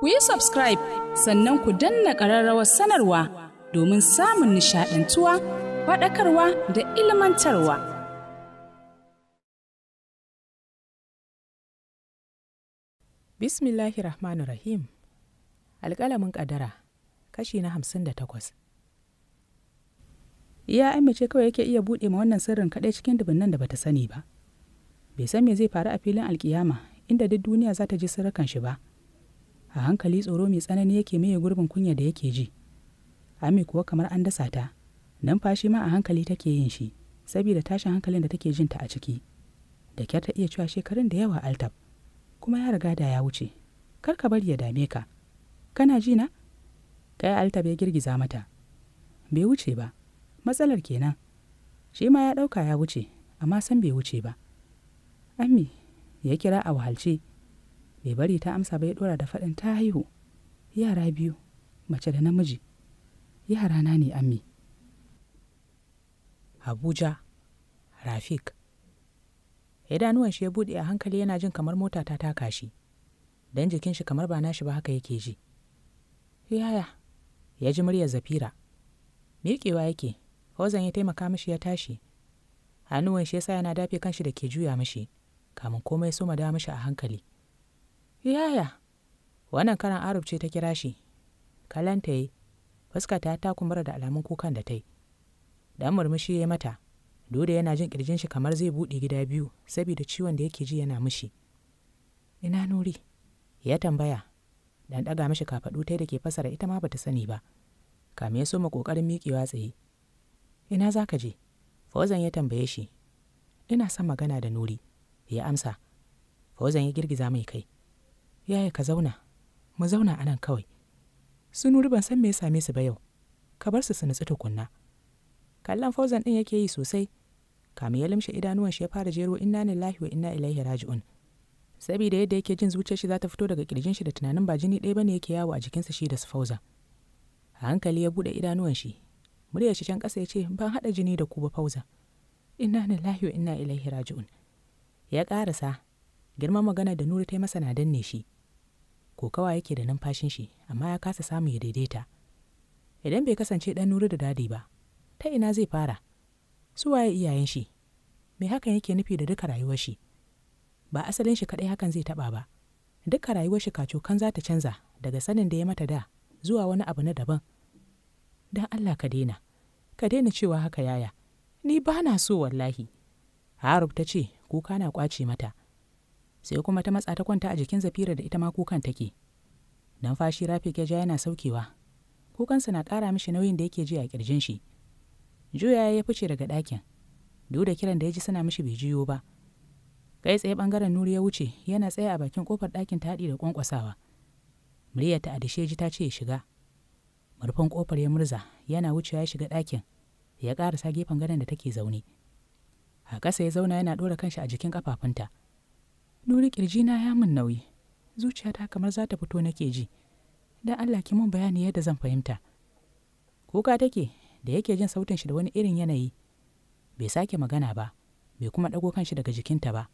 ku yi subscribe sannan ku danna ƙararrawar sanarwa domin samun nishaɗantuwa faɗakarwa da ilmantarwa. Bismillahir Rahmanir Rahim Alƙalamin ƙadara kashi na hamsin da takwas. Iya amince kawai yake iya buɗe ma wannan sirrin kaɗai cikin dubunnan da bata sani ba. Bai san me zai faru a filin alkiyama inda duk duniya za ta ji sirrukan shi ba. a hankali tsoro mai tsanani yake maye gurbin kunya da yake ji ami kuwa kamar an dasa ta numfashi ma a hankali take yin shi saboda tashin hankalin da take jin ta a ciki da kyar ta iya cewa shekarun da yawa altab kuma ya riga da ya wuce kar ka bari ya dame ka kana ji na kai altab ya girgiza mata bai wuce ba matsalar kenan shi ma ya ɗauka ya wuce amma san bai wuce ba Ami ya kira a wahalce bai bari ta amsa ba ya da faɗin ta haihu yara biyu mace da namiji yara na ne ami abuja rafik idanuwan shi ya buɗe a hankali yana jin kamar mota ta taka shi dan jikin shi kamar ba nashi ba haka yake ji yaya ya ji murya zafira miƙewa yake fauzan ya taimaka mishi ya tashi hannuwan shi yasa yana dafe kanshi da ke juya mishi kamin komai so ma da mishi a hankali Yaya, wannan karan Arab ce ta kira shi, kalanta yi, fuska ta ta kumura da alamun kukan da ta yi. Dan murmushi ya mata, dole yana jin ƙirjin shi kamar zai buɗe gida biyu saboda ciwon da yake ji yana mishi. Ina nuri? Ya tambaya, dan ɗaga mishi kafaɗu ta da ke fasara ita ma bata sani ba. Kame ya soma ƙoƙarin miƙewa tsaye. Ina za ka je? Fauzan ya tambaye shi. Ina son magana da nuri, ya amsa. Fauzan ya girgiza mai kai. yaya ka zauna mu zauna anan kawai su nuri ban san me ya same su ba yau ka bar su su nutsu tukunna kallon fauzan ɗin yake yi sosai kame ya limshe idanuwan shi ya fara jero inna lillahi wa inna ilaihi raji'un saboda yadda yake jin zuciyar shi za ta fito daga kirjin shi da tunanin ba jini ɗaya bane yake yawo a jikinsa shi da su fauza a hankali ya buɗe idanuwan shi muryar shi can ƙasa ya ce ban haɗa jini da ku ba fauzan inna lillahi wa inna ilaihi raji'un ya ƙarasa girman magana da nuri ta masa na danne shi kokawa yake da numfashin shi amma ya kasa samu ya daidaita idan bai kasance dan nuru da dadi ba ta ina zai fara su waye iyayen shi me hakan yake nufi da duka rayuwar shi ba asalin shi kaɗai hakan zai taɓa ba duka rayuwar shi kacokan za ta canza daga sanin da ya mata da zuwa wani abu na daban don allah ka daina ka daina cewa haka yaya ni ba na so wallahi harub ta ce kuka na kwace mata sai kuma ta matsa ta kwanta a jikin zafira da ita ma kukan take numfashi rafik ya ja yana saukewa kukansa na ƙara mishi nauyin da yake ji a ƙirjin shi juya ya fice daga ɗakin duk da kiran da ya ji suna mishi bai jiyo ba kai tsaye ɓangaren nuri ya wuce yana tsaye a bakin ƙofar ɗakin ta haɗi da ƙwanƙwasawa muryar ta adishe ji ta ce ya shiga murfin ƙofar ya murza yana wucewa ya shiga ɗakin ya ƙarasa gefen gadon da take zaune a ƙasa ya zauna yana ɗora kanshi a jikin ƙafafunta nuri ƙirji na ya min nauyi zuciyata kamar za ta fito ke ji dan allah ki mun bayani yadda zan fahimta kuka take da yake jin sautin shi da wani irin yanayi bai sake magana ba bai kuma ɗago kan shi daga jikinta ba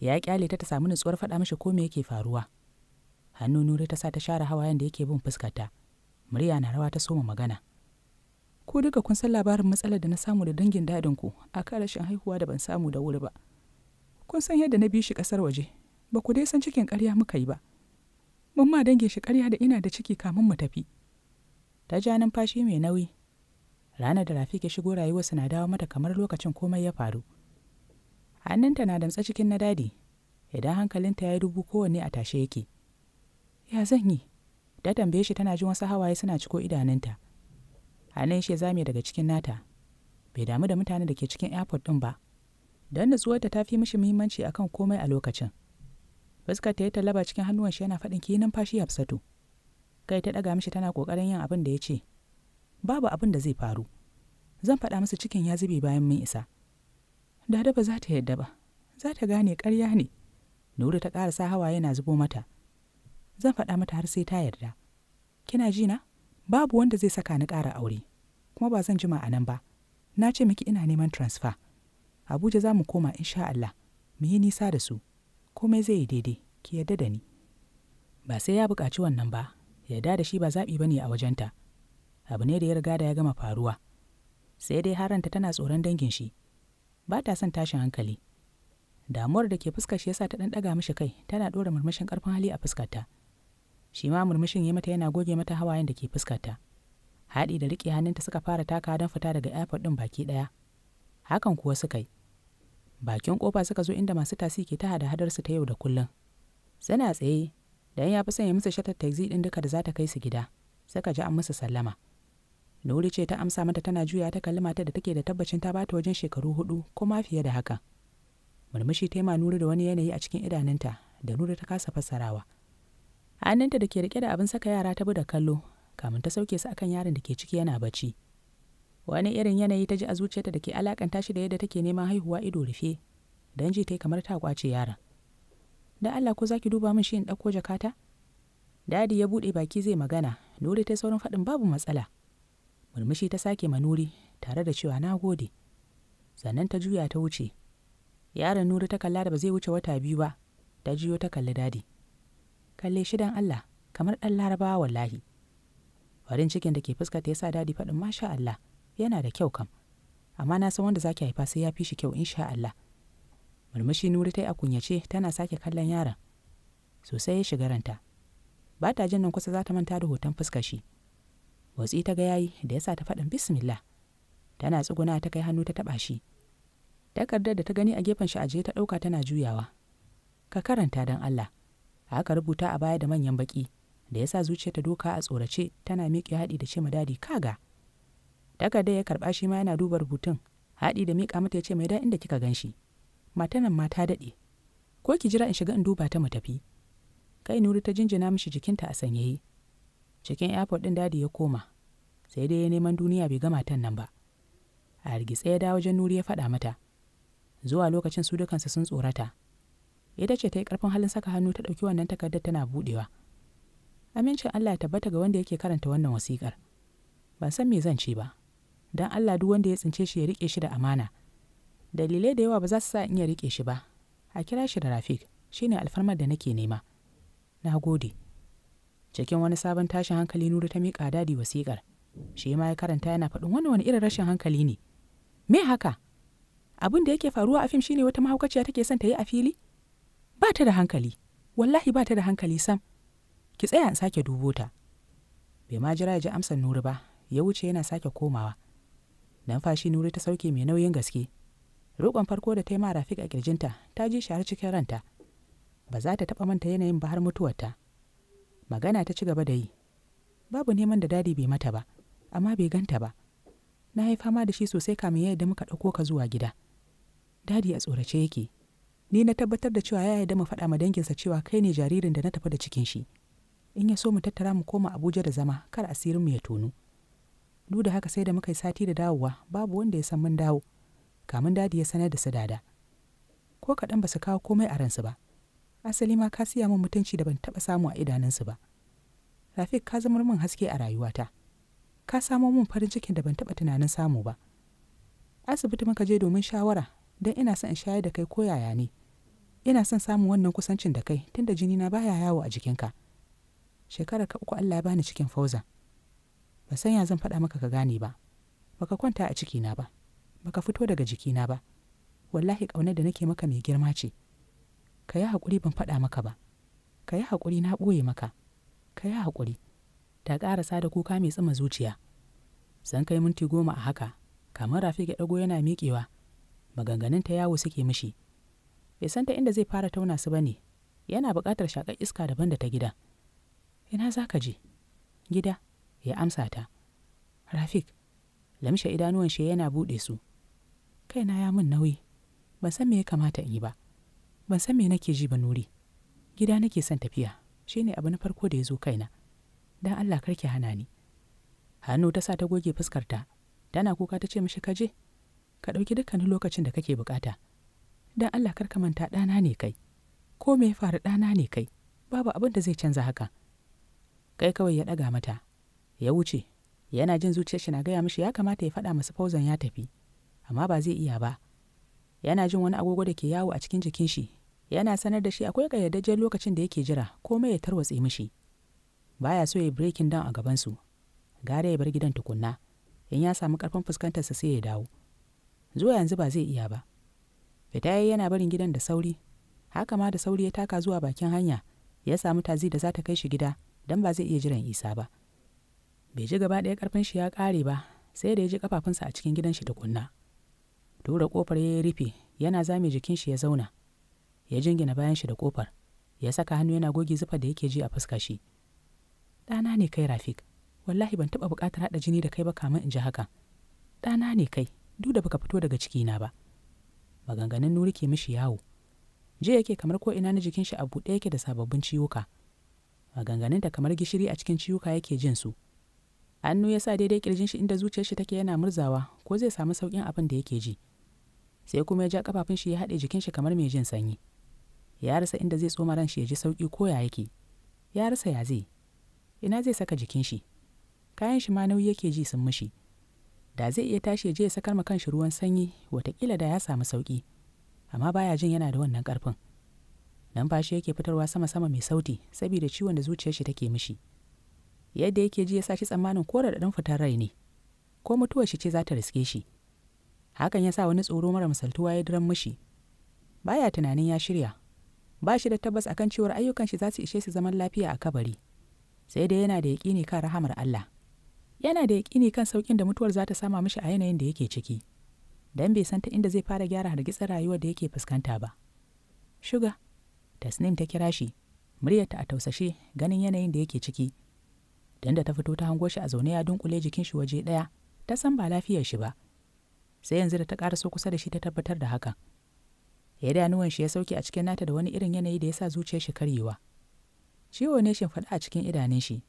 ya kyale ta ta samu nutsuwar faɗa mishi ko me yake faruwa hannu nuri ta sa ta share hawayen da yake bin fuskarta murya na rawa ta soma magana ko duka kun san labarin matsalar da na samu da dangin dadinku a kan rashin haihuwa da ban samu da wuri ba kun san yadda na bi shi ƙasar waje ba ku dai san cikin ƙarya muka yi ba mun ma dange shi ƙarya da ina da ciki kamun mu tafi ta ja numfashi mai nauyi ranar da rafi ke shigo rayuwarsa na dawo mata kamar lokacin komai ya faru hannunta na damtsa cikin na dadi idan hankalinta ya yi dubu kowanne a tashe yake ya zan yi ta tambaye shi tana ji wasu hawaye suna ciko idanunta hannun shi zame daga cikin nata bai damu da mutane da ke cikin airport ɗin ba don nutsuwarta ta fi mishi muhimmanci akan komai a lokacin fuskar ta yi talaba cikin hannuwan shi yana faɗin ki numfashi hafsatu kai ta ɗaga mishi tana ƙoƙarin yin abin da ya ce babu abin da zai faru zan faɗa masa cikin ya zube bayan mun isa dada ba za ta yadda ba za ta gane ƙarya ne nuru ta ƙarasa hawa yana zubo mata zan faɗa mata har sai ta yarda kina ji na babu wanda zai saka ni ƙara aure kuma ba zan jima a nan ba na ce miki ina neman transfer abuja za mu koma insha allah mu yi nisa da su komai zai yi daidai ki yarda da ni ba sai ya buƙaci wannan ba yarda da shi ba zaɓi ba ne a wajenta abu ne da ya riga da ya gama faruwa sai dai haranta tana tsoron dangin shi ba ta son tashin hankali damuwar da ke fuskar shi yasa ta ɗan ɗaga mishi kai tana ɗora murmushin ƙarfin hali a fuskarta shi ma murmushin ya mata yana goge mata hawayen da ke fuskarta haɗi da riƙe hannunta suka fara taka don fita daga airport ɗin baki ɗaya hakan kuwa suka yi bakin kofa suka zo inda masu tasi ke ta hada hadarsu ta yau da kullum suna tsaye da ya fi sanya musu shatar taxi din duka da za ta kai su gida suka ji an musu sallama Nuri ce ta amsa mata tana juya ta kalli mata da take da tabbacin ta bata wajen shekaru hudu ko ma fiye da haka murmushi ta ma Nuri da wani yanayi a cikin idanunta da Nuri ta kasa fassarawa hannunta da ke rike da abin saka yara ta bi da kallo kamin ta sauke su akan yaron da ke ciki yana bacci wani irin yanayi ta ji a zuciyarta da ke alakanta shi da yadda take neman haihuwa ido rufe don ji ta kamar ta kwace yaran da allah ko zaki duba min shi in ɗauko jakata dadi ya buɗe baki zai magana nuri ta saurin faɗin babu matsala murmushi ta sake ma nuri tare da cewa na gode sannan ta juya ta wuce yaron nuri ta kalla da ba zai wuce wata biyu ba ta jiyo ta kalli dadi kalle shi dan allah kamar ɗan larabawa wallahi farin cikin da ke fuskata ya sa dadi faɗin masha allah yana da kyau kam amma na san wanda zaki haifa sai ya fi shi kyau insha Allah murmushi nuri ta yi a kunyace tana sake kallon yaron sosai ya shiga ranta ba ta jin nan kusa za ta manta da hoton fuskar shi watsi ta ga yayi da ya sa ta faɗin bismillah tana tsuguna ta kai hannu ta taɓa shi takardar da ta gani a gefen shi aje ta ɗauka tana juyawa ka karanta don Allah haka rubuta a baya da manyan baƙi, da ya sa ta doka a tsorace tana miƙe haɗi da ce ma dadi kaga takardar ya karɓa shi ma yana duba rubutun haɗi da miƙa mata ya ce mai da inda kika gan shi matanan ma ta daɗe ko ki jira in shiga in duba ta mu tafi kai nuri ta jinjina mishi jikinta a sanyaye cikin airport ɗin dadi ya koma sai dai ya neman duniya bai ga matan nan ba a hargitse ya dawo wajen nuri ya faɗa mata zuwa lokacin su dukansu sun tsorata ita ce ta yi ƙarfin halin saka hannu ta ɗauki wannan takardar tana buɗewa amincin allah ya tabbata ga wanda yake karanta wannan wasiƙar ban san me zan ce ba don allah duk wanda ya tsince shi ya riƙe shi da amana dalilai da yawa ba za su sa in ya riƙe shi ba a kira shi da rafik Shi ne alfarmar da nake nema na gode cikin wani sabon tashin hankali nuru ta miƙa dadi wasiƙar shi ma ya karanta yana faɗin wani wani irin rashin hankali ne me haka abin da yake faruwa a fim shine wata mahaukaciya take son ta yi a fili ba ta da hankali wallahi ba ta da hankali sam ki tsaya in sake dubo ta bai ma jira ya ji amsar nuru ba ya wuce yana sake komawa numfashi nuri ta sauke mai nauyin gaske roƙon farko da ta yi ma rafiq a kirjinta ta ji shi har cikin ranta ba za ta taɓa manta yanayin ba har mutuwarta magana ta ci gaba da yi babu neman da dadi bai mata ba amma bai ganta ba na haifa ma da shi sosai kamin yadda muka ɗauko ka zuwa gida dadi a tsorace yake ni na tabbatar da cewa ya yarda mu faɗa ma danginsa cewa kai ne jaririn da na tafi da cikin shi in ya so mu tattara mu koma abuja da zama kar asirin mu ya tonu duk da haka sai da muka yi sati da dawowa babu wanda ya san mun dawo kamun dadi ya sanar da su dada ko kaɗan ba su kawo komai a ransu ba asali ma ka siya min mutunci da ban taɓa samu a idanunsu ba rafik ka zama min haske a rayuwata ka samo min farin cikin da ban taɓa tunanin samu ba asibiti muka je domin shawara don ina son in shayar da kai ko yaya ne ina son samun wannan kusancin da kai tunda jini na baya yawo a jikinka shekarar ka uku Allah ya bani cikin fauza ba san ya zan faɗa maka ka gane ba baka kwanta a cikina ba baka fito daga jikina ba wallahi ƙaunar da nake maka mai girma ce ka yi haƙuri ban faɗa maka ba ka yi haƙuri na ɓoye maka ka yi haƙuri ta ƙarasa da kuka mai tsima zuciya san kai minti goma a haka kamar rafi ga ɗago yana miƙewa maganganun ta yawo suke mishi ya san ta inda zai fara tauna su ba ne. yana buƙatar shaƙar iska daban da ta gida ina za ka je gida ya amsa ta rafik lamshe idanuwan shi yana buɗe su kaina ya min nauyi ban san me ya kamata in yi ba ban san me nake ji ba nuri gida nake son tafiya Shi ne abu na farko da ya zo kaina dan allah karki hana ni hannu ta sa ta goge fuskarta tana kuka ta ce mishi kaje ka ɗauki dukkanin lokacin da kake bukata dan allah karka manta ɗana ne kai ko me ya faru ɗana ne kai babu abin da zai canza haka kai kawai ya ɗaga mata ya wuce yana jin zuciyar shi na gaya mishi ya kamata ya faɗa masa fauzan ya tafi amma ba zai iya ba yana jin wani agogo da ke yawo a cikin jikin shi yana sanar da shi akwai ƙayyadajjen lokacin da yake jira komai ya tarwatse mishi baya so ya yi breaking dan a gabansu Gara ya bar gidan tukunna in ya samu ƙarfin fuskantarsa sai ya dawo zuwa yanzu ba zai iya ba fita yayi yana barin gidan da sauri haka ma da sauri ya taka zuwa bakin hanya ya samu tazi da za ta kai shi gida dan ba zai iya jiran isa ba bai ji gaba ɗaya ƙarfin shi ya ƙare ba sai da ya ji ƙafafunsa a cikin gidan shi tukunna tura ƙofar ya rufe yana zame jikin shi ya zauna ya jingina bayan shi da ƙofar ya saka hannu yana goge zufa da yake ji a fuska shi ɗana ne kai rafik wallahi ban taɓa buƙatar haɗa jini da kai ba kamin in ji haka ɗana ne kai duk da baka fito daga ciki na ba maganganun nuri ke mishi yawo ji yake kamar ko ina na jikin shi a buɗe yake da sababbin ciwuka maganganun da kamar gishiri a cikin ciwuka yake jin su hannu ya sa daidai kirjin shi inda zuciyar shi take yana murzawa ko zai samu saukin abin da yake ji sai kuma ya ja kafafun shi ya haɗe jikin shi kamar mai jin sanyi ya rasa inda zai tsoma ran shi ya ji sauki ko ya yake ya rasa ya zai ina zai saka jikin shi kayan shi ma nauyi yake ji sun mushi da zai iya tashi ya je ya sakar ma kanshi ruwan sanyi watakila da ya samu sauƙi amma baya jin yana da wannan karfin numfashi yake fitarwa sama-sama mai sauti saboda ciwon da zuciyar shi take mishi yadda yake ji ya sa shi tsammanin ko raɗaɗin fitar rai ne ko mutuwar shi ce za ta riske shi hakan ya sa wani tsoro mara misaltuwa ya diran mishi baya tunanin ya shirya ba shi da tabbas akan cewar ayyukan shi za su ishe su zaman lafiya a kabari sai dai yana da yaƙini kan rahamar Allah yana da yaƙini kan sauƙin da mutuwar za ta sama mishi a yanayin da yake ciki dan bai san ta inda zai fara gyara hargitsin rayuwar da yake fuskanta ba shuga tasnim ta kira shi muryarta a tausashe ganin yanayin da yake ciki don da ta fito ta hango shi a zaune ya dunkule jikin shi waje ɗaya ta san ba lafiyar shi ba sai yanzu da ta so kusa da shi ta tabbatar da hakan idanuwan shi ya sauke a cikin nata da wani irin yanayi da ya sa zuciyar shi karyewa ciwo ne shin fada a cikin idanun shi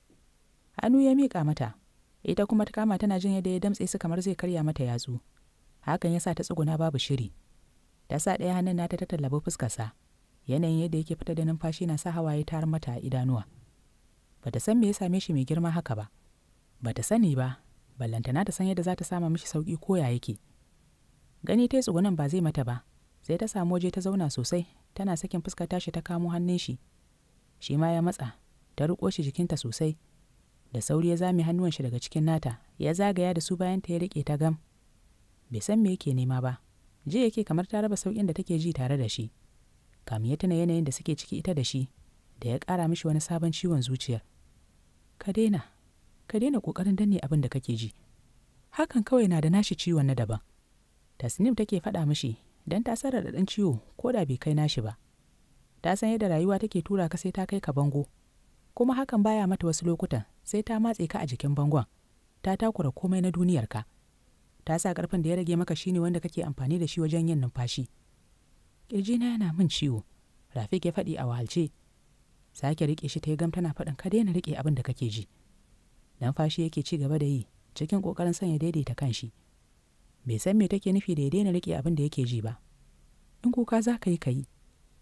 hannu ya mika mata ita kuma ta kama tana jin yadda ya damtse su kamar zai karya mata yatsu hakan ya sa ta tsuguna babu shiri ta sa ɗaya hannun nata ta tallabi fuskarsa yanayin yadda yake fita da numfashi na sa hawaye tar mata a idanuwa ba ta san me ya same shi mai girma haka ba bata sani ba ballantana ta san yadda za ta sama mishi sauƙi ko ya yake gani ta yi tsugunan ba zai mata ba sai ta samu waje ta zauna sosai tana sakin fuskar tashi ta kamo hannun shi shi ma ya matsa ta riko shi jikinta sosai da sauri ya zame hannuwan shi daga cikin nata ya zagaya da su bayan ta ya riƙe ta gam bai san me yake nema ba ji yake kamar ta raba sauƙin da take ji tare da shi kam ya tuna yanayin da suke ciki ita da shi da ya ƙara mishi wani sabon ciwon zuciyar ka daina ka daina ƙoƙarin danne abin da kake ji hakan kawai na da nashi ciwon na daban tasnim take faɗa mishi don ta sarar ɗan ciwo ko da bai kai nashi ba ta san yadda rayuwa take tura ka sai ta kai ka bango kuma hakan baya mata wasu lokutan sai ta matse ka a jikin bangon ta takura komai na duniyarka ta sa ƙarfin da ya rage maka shine wanda kake amfani da shi wajen yin numfashi ƙirjina yana min ciwo rafik ya faɗi a wahalce sake rike shi ta yi gam tana faɗin ka daina riƙe abin da kake ji numfashi yake ci gaba da yi cikin ƙoƙarin sanya daidaita kan shi bai san me take nufi da ya daina riƙe abin da yake ji ba in kuka za ka yi ka yi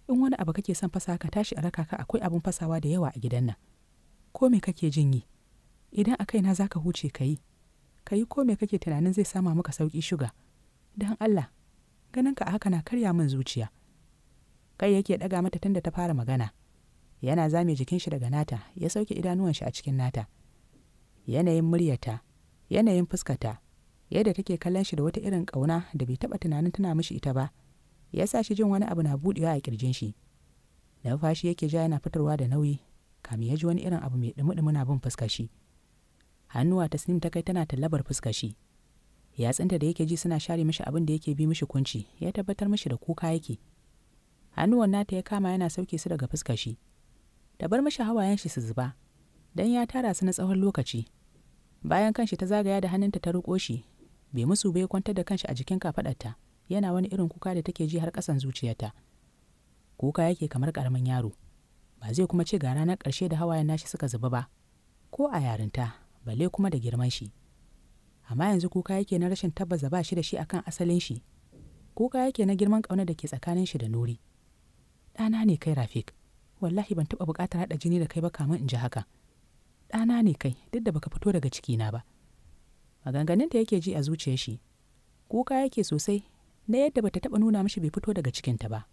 in wani abu kake son fasa ka tashi a raka ka akwai abin fasawa da yawa a gidan nan ko me kake jin yi idan a kaina za ka huce ka yi ka yi ko me kake tunanin zai sama maka sauki shuga don allah ganin ka a haka na karya min zuciya kai yake ɗaga mata tun da ta fara magana yana zame jikin shi daga nata ya sauke idanuwan shi a cikin nata yanayin muryarta yanayin fuskata yadda take kallon shi da wata irin ƙauna da bai taɓa tunanin tana mishi ita ba ya sa shi jin wani abu na buɗewa a ƙirjin shi fashi yake ja yana fitarwa da nauyi kamin ya ji wani irin abu mai ɗumi-ɗumi na bin fuskar shi hannuwa sinim ta kai tana tallabar fuskar shi yatsunta da yake ji suna share mishi abin da yake bi mishi kunci ya tabbatar mishi da kuka yake hannuwan nata ya kama yana sauke su daga fuskar shi Da bar mashi hawayen shi su zuba Dan ya tara su na tsawon lokaci bayan kanshi ta zagaya da hannunta ta riƙo shi bai musu bai kwantar da kanshi a jikin kafaɗarta yana wani irin kuka da take ji har ƙasan zuciyarta kuka yake kamar karamin yaro ba zai kuma ce ga ranar karshe da hawayen nashi suka zuba ba ko a yarinta balle kuma da girman shi amma yanzu kuka yake na rashin tabbas ba shi da shi akan asalin shi kuka yake na girman ƙaunar da ke tsakanin shi da nuri ɗana ne kai rafik wallahi ban taɓa buƙatar haɗa jini da kai ba kamar in ji haka ɗana ne kai duk da baka fito daga cikina ba maganganunta yake ji a zuciyar shi kuka yake sosai na yadda bata taɓa nuna mishi bai fito daga cikinta ba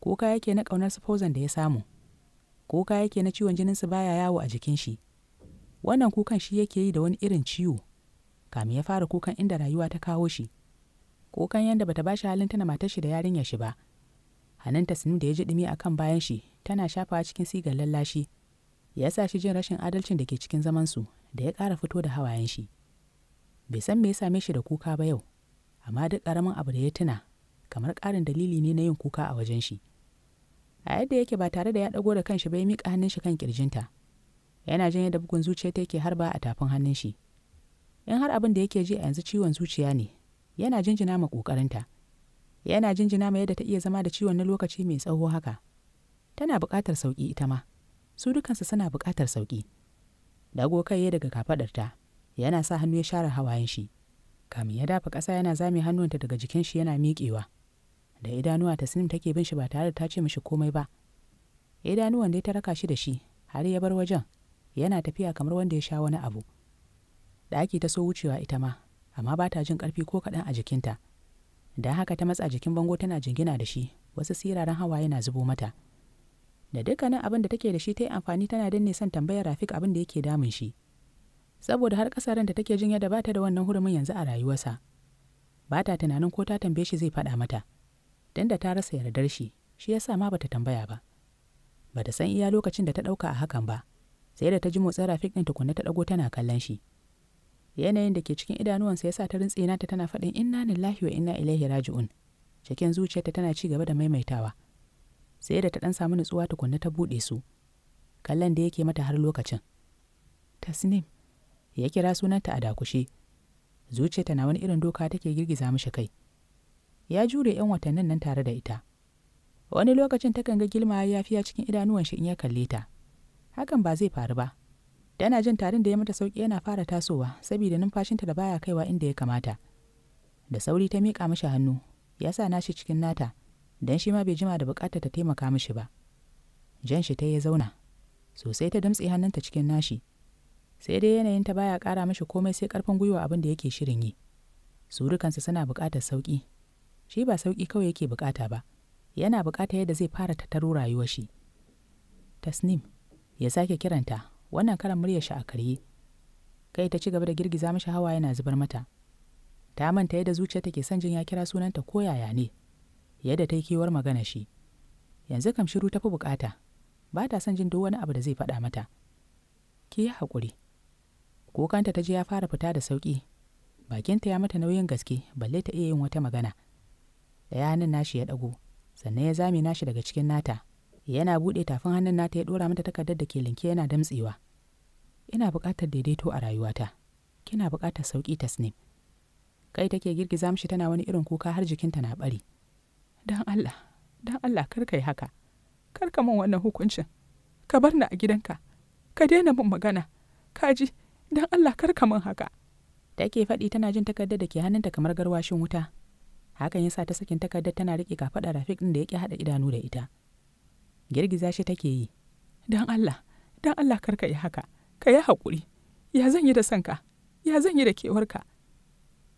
kuka yake na ƙaunar sufauzan da ya samu kuka yake na ciwon jinin su baya yawo a jikin shi wannan kukan shi yake yi da wani irin ciwo kamin ya fara kukan inda rayuwa ta kawo shi kukan yadda bata bashi halin tana matar shi da yarinyar shi ba hannun tasnim da ya ji dumi akan bayan shi tana shafawa cikin sigar lallashi ya sa shi jin rashin adalcin da ke cikin zamansu da ya ƙara fito da hawayen shi bai san me ya same shi da kuka ba yau amma duk ƙaramin abu da ya tuna kamar ƙarin dalili ne na yin kuka a wajen shi a yadda yake ba tare da ya ɗago da kanshi ba ya miƙa hannun shi kan ƙirjinta yana jin yadda bugun zuciya ta yake harba a tafin hannun shi in har abin da yake ji a yanzu ciwon zuciya ne yana jinjina ma ƙoƙarinta yana jinjina ma yadda ta iya zama da ciwon na lokaci mai tsawo haka tana buƙatar sauƙi ita ma su dukansu suna buƙatar sauƙi dago kai daga kafaɗarta yana sa hannu ya share hawayen shi kamin ya dafa ƙasa yana zame hannunta daga jikin shi yana miƙewa da idanuwa ta sinim take bin shi ba tare da ta ce mishi komai ba idanuwan dai ta raka shi da shi har ya bar wajen yana tafiya kamar wanda ya sha wani abu ɗaki ta so wucewa ita ma amma ba ta jin ƙarfi ko kaɗan a jikinta da haka ta matsa jikin bango tana jingina da shi wasu siraran hawa yana zubo mata da dukkanin abin da take da shi ta yi amfani tana danne son tambayar rafik abin da yake damun shi saboda har kasarin da take jin yadda ba ta da wannan hurumin yanzu a rayuwarsa ba ta tunanin ko ta tambaye shi zai faɗa mata don da ta rasa yardar shi shi yasa ma bata tambaya ba bata san iya lokacin da ta ɗauka a hakan ba sai da ta ji motsin rafik ɗin tukunna ta ɗago tana kallon shi yanayin da ke cikin idanuwansa ya sa ta rintse ta tana faɗin inna lillahi wa inna ilaihi raji'un cikin zuciyarta tana ci gaba da maimaitawa sai da ta ɗan samu nutsuwa tukunna ta buɗe su kallon da yake mata har lokacin tasnim ya kira sunanta a dakushe Zuciya ta na wani irin doka take girgiza mishi kai ya jure 'yan watannin nan tare da ita wani lokacin takan ga gilma ya fiya cikin idanuwan shi in ya kalle ta hakan ba zai faru ba tana jin tarin da ya mata sauki yana fara tasowa saboda numfashinta da baya kaiwa inda ya kamata da sauri ta miƙa mishi hannu ya sa shi cikin nata don shi ma bai jima da bukatar ta taimaka mishi ba jan shi ta ya zauna sosai ta damtse hannunta cikin nashi sai dai yanayin ta baya ƙara mishi komai sai ƙarfin gwiwa abin da yake shirin yi surukansa suna buƙatar sauƙi shi ba sauƙi kawai yake buƙata ba yana buƙatar yadda zai fara taro rayuwar shi tasnim ya sake kiranta wannan karan muryar shi a karye kai ta ci gaba da girgiza mishi hawa yana zubar mata ta manta yadda zuciya take son jin ya kira sunanta ko yaya ne yadda ta yi kewar magana shi yanzu kam shiru ta fi bukata ba ta son jin duk wani abu da zai faɗa mata ki yi haƙuri kokanta ta je ya fara fita da sauƙi bakinta ya mata nauyin gaske balle ta iya yin wata magana ɗaya hannun nashi ya ɗago sannan ya zame nashi daga cikin nata yana buɗe tafin hannun nata ya ɗora mata takardar da ke linke yana damtsewa ina buƙatar daidaito a rayuwata kina buƙatar sauƙi tasnim kai take girgiza mishi tana wani irin kuka har jikinta na ɓari don Allah don Allah kar ka yi haka kar ka min wannan hukuncin ka bar ni a gidanka ka daina min magana ka ji don Allah kar ka min haka da ke faɗi tana jin takardar da ke hannunta kamar garwashin wuta hakan yasa ta sakin takardar tana riƙe kafaɗa Rafiq ɗin da yake haɗa idanu da ita girgiza shi take yi don Allah don Allah kar ka yi haka ka yi haƙuri ya zan yi da sanka ya zan yi da kewarka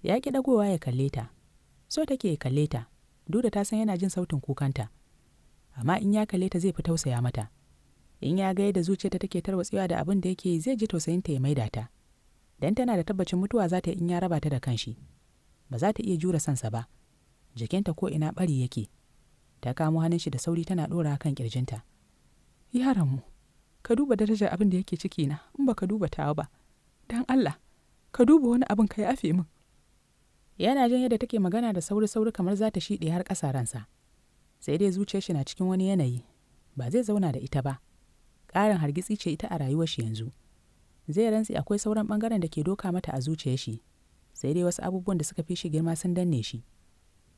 ya ki ɗagowa ya kalle ta so take ya kalle ta Duda ta san yana jin sautin kukanta. Amma in ya kalle ta zai fi tausaya mata. In ya ga yadda zuciyarta take tarwatsewa da abin da yake yi zai ji tausayinta ya maida ta. Dan tana da tabbacin mutuwa za ta in ya raba ta da kanshi. Ba za ta iya jura sansa ba. Jikinta ko ina bari yake. Ta kamo hannun shi da sauri tana ɗora kan ƙirjinta. Yaranmu, ka duba darajar abin da yake ciki na in ba ka duba tawa ba. Dan Allah, ka duba wani abin ka yafe min. yana jin yadda take magana da sauri-sauri kamar za ta shiɗe har ƙasa ransa sai dai zuciyar shi na cikin wani yanayi ba zai zauna da ita ba ƙarin hargitsi ce ita a rayuwar shi yanzu zai rantsi akwai sauran ɓangaren da ke doka mata a zuciyar shi sai dai wasu abubuwan da suka fi shi girma sun danne shi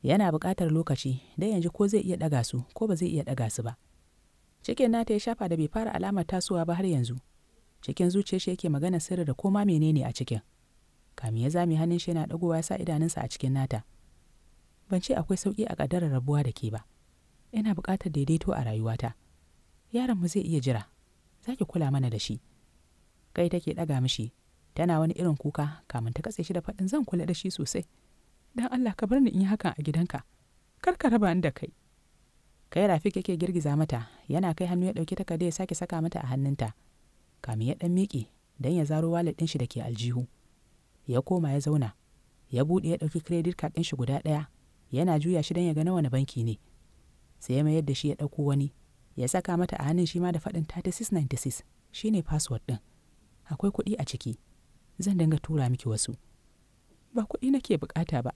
yana buƙatar lokaci dai yanzu ko zai iya ɗaga su ko ba zai iya ɗaga su ba cikin nata ya shafa da bai fara alamar tasowa ba har yanzu cikin zuciyar shi yake magana sirri da koma menene a cikin kamin ya zame hannun shi yana ɗagowa sa idanunsa a cikin nata ban ce akwai sauƙi a ƙaddarar rabuwa da ke ba ina buƙatar daidaito a rayuwata yaron mu zai iya jira za ki kula mana da shi kai take ɗaga mishi tana wani irin kuka kamin ta katse shi da faɗin zan kula da shi sosai dan Allah ka bar ni in yi hakan a gidanka kar ka raba ni da kai kai rafik yake girgiza mata yana kai hannu ya ɗauki takarda ya sake saka mata a hannunta kamin ya ɗan miƙe don ya zaro walet ɗin shi da ke aljihu ya koma ya zauna ya buɗe ya ɗauki credit card ɗin shi guda ɗaya yana juya shi don ya ga na wani banki ne sai ya mayar da shi ya ɗauko wani ya saka mata a hannun shi ma da faɗin 3696 shine password ɗin akwai kuɗi a ciki zan dinga tura miki wasu ba kuɗi nake bukata ba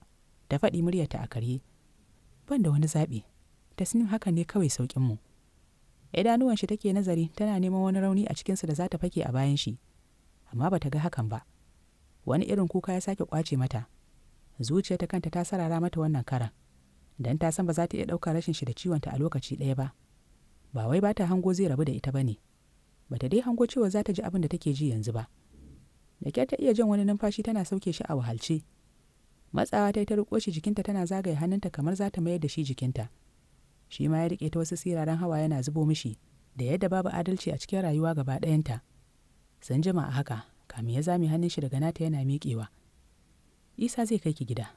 ta faɗi muryarta a karye ban da wani zaɓi tasnim haka ne kawai sauƙinmu idanuwan shi take nazari tana neman wani rauni a cikinsu da za ta fake a bayan shi amma ba ta ga hakan ba wani irin kuka ya sake kwace mata zuciya ta kanta ta sarara mata wannan karan dan ta san ba za ta iya ɗaukar rashin shi da ciwonta a lokaci ɗaya ba ba wai ba ta hango zai rabu da ita ba ne ba ta dai hango cewa za ta ji abin da take ji yanzu ba da ta iya jan wani numfashi tana sauke shi a wahalce matsawa ta yi ta riƙo shi jikinta tana zagaye hannunta kamar za ta mayar da shi jikinta shi ma ya riƙe ta wasu siraran hawa yana zubo mishi da yadda babu adalci a cikin rayuwa gaba ɗayanta sun jima a haka kamin ya zame hannun shi daga nata yana miƙewa isa zai kai ki gida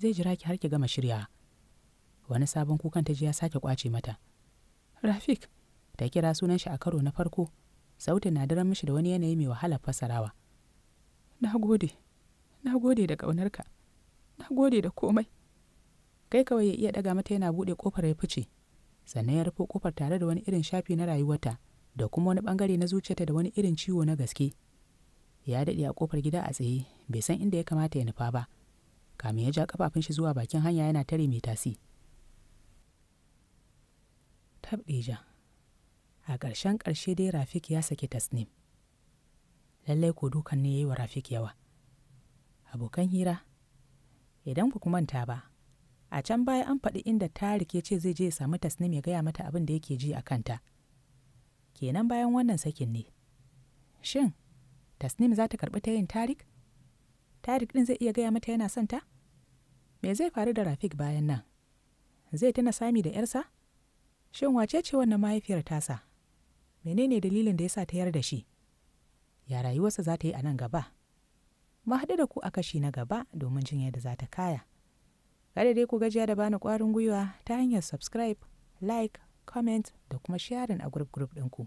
zai jira ki har ki gama shirya wani sabon kukan ta ji ya sake kwace mata rafik ta kira sunan shi a karo na farko sautin na daren mishi da wani yanayi mai wahalar fassarawa. na gode na gode da ƙaunarka na gode da komai kai kawai ya iya daga mata yana buɗe kofar ya fice sannan ya rufe kofar tare da wani irin shafi na rayuwarta da kuma wani bangare na zuciyarta da wani irin ciwo na gaske ya daɗe a ƙofar gida a tsaye bai san inda ya kamata ya nufa ba kamin ya ja kafafun shi zuwa bakin hanya yana tare mai tasi tabɗeja a ƙarshen ƙarshe dai rafik ya saki tasnim lallai ko dukan ne ya yi wa rafik yawa abokan hira idan ku manta ba a can baya an faɗi inda tarik ya ce zai je ya samu tasnim ya gaya mata abin da yake ji a kanta kenan bayan wannan sakin ne shin tasnim za ta karɓi ta yin tarik tarik ɗin zai iya gaya mata yana son ta me zai faru da rafik bayan nan zai tana sami da yarsa shin wace ce wannan mahaifiyar tasa menene dalilin da ya sa ta yar da shi ya rayuwarsa za ta yi a nan gaba mu haɗu da ku a kashi na gaba domin jin yadda za ta kaya kada dai ku gajiya da bani ƙwarin gwiwa ta hanyar subscribe like comment da kuma sharing a group group ɗinku.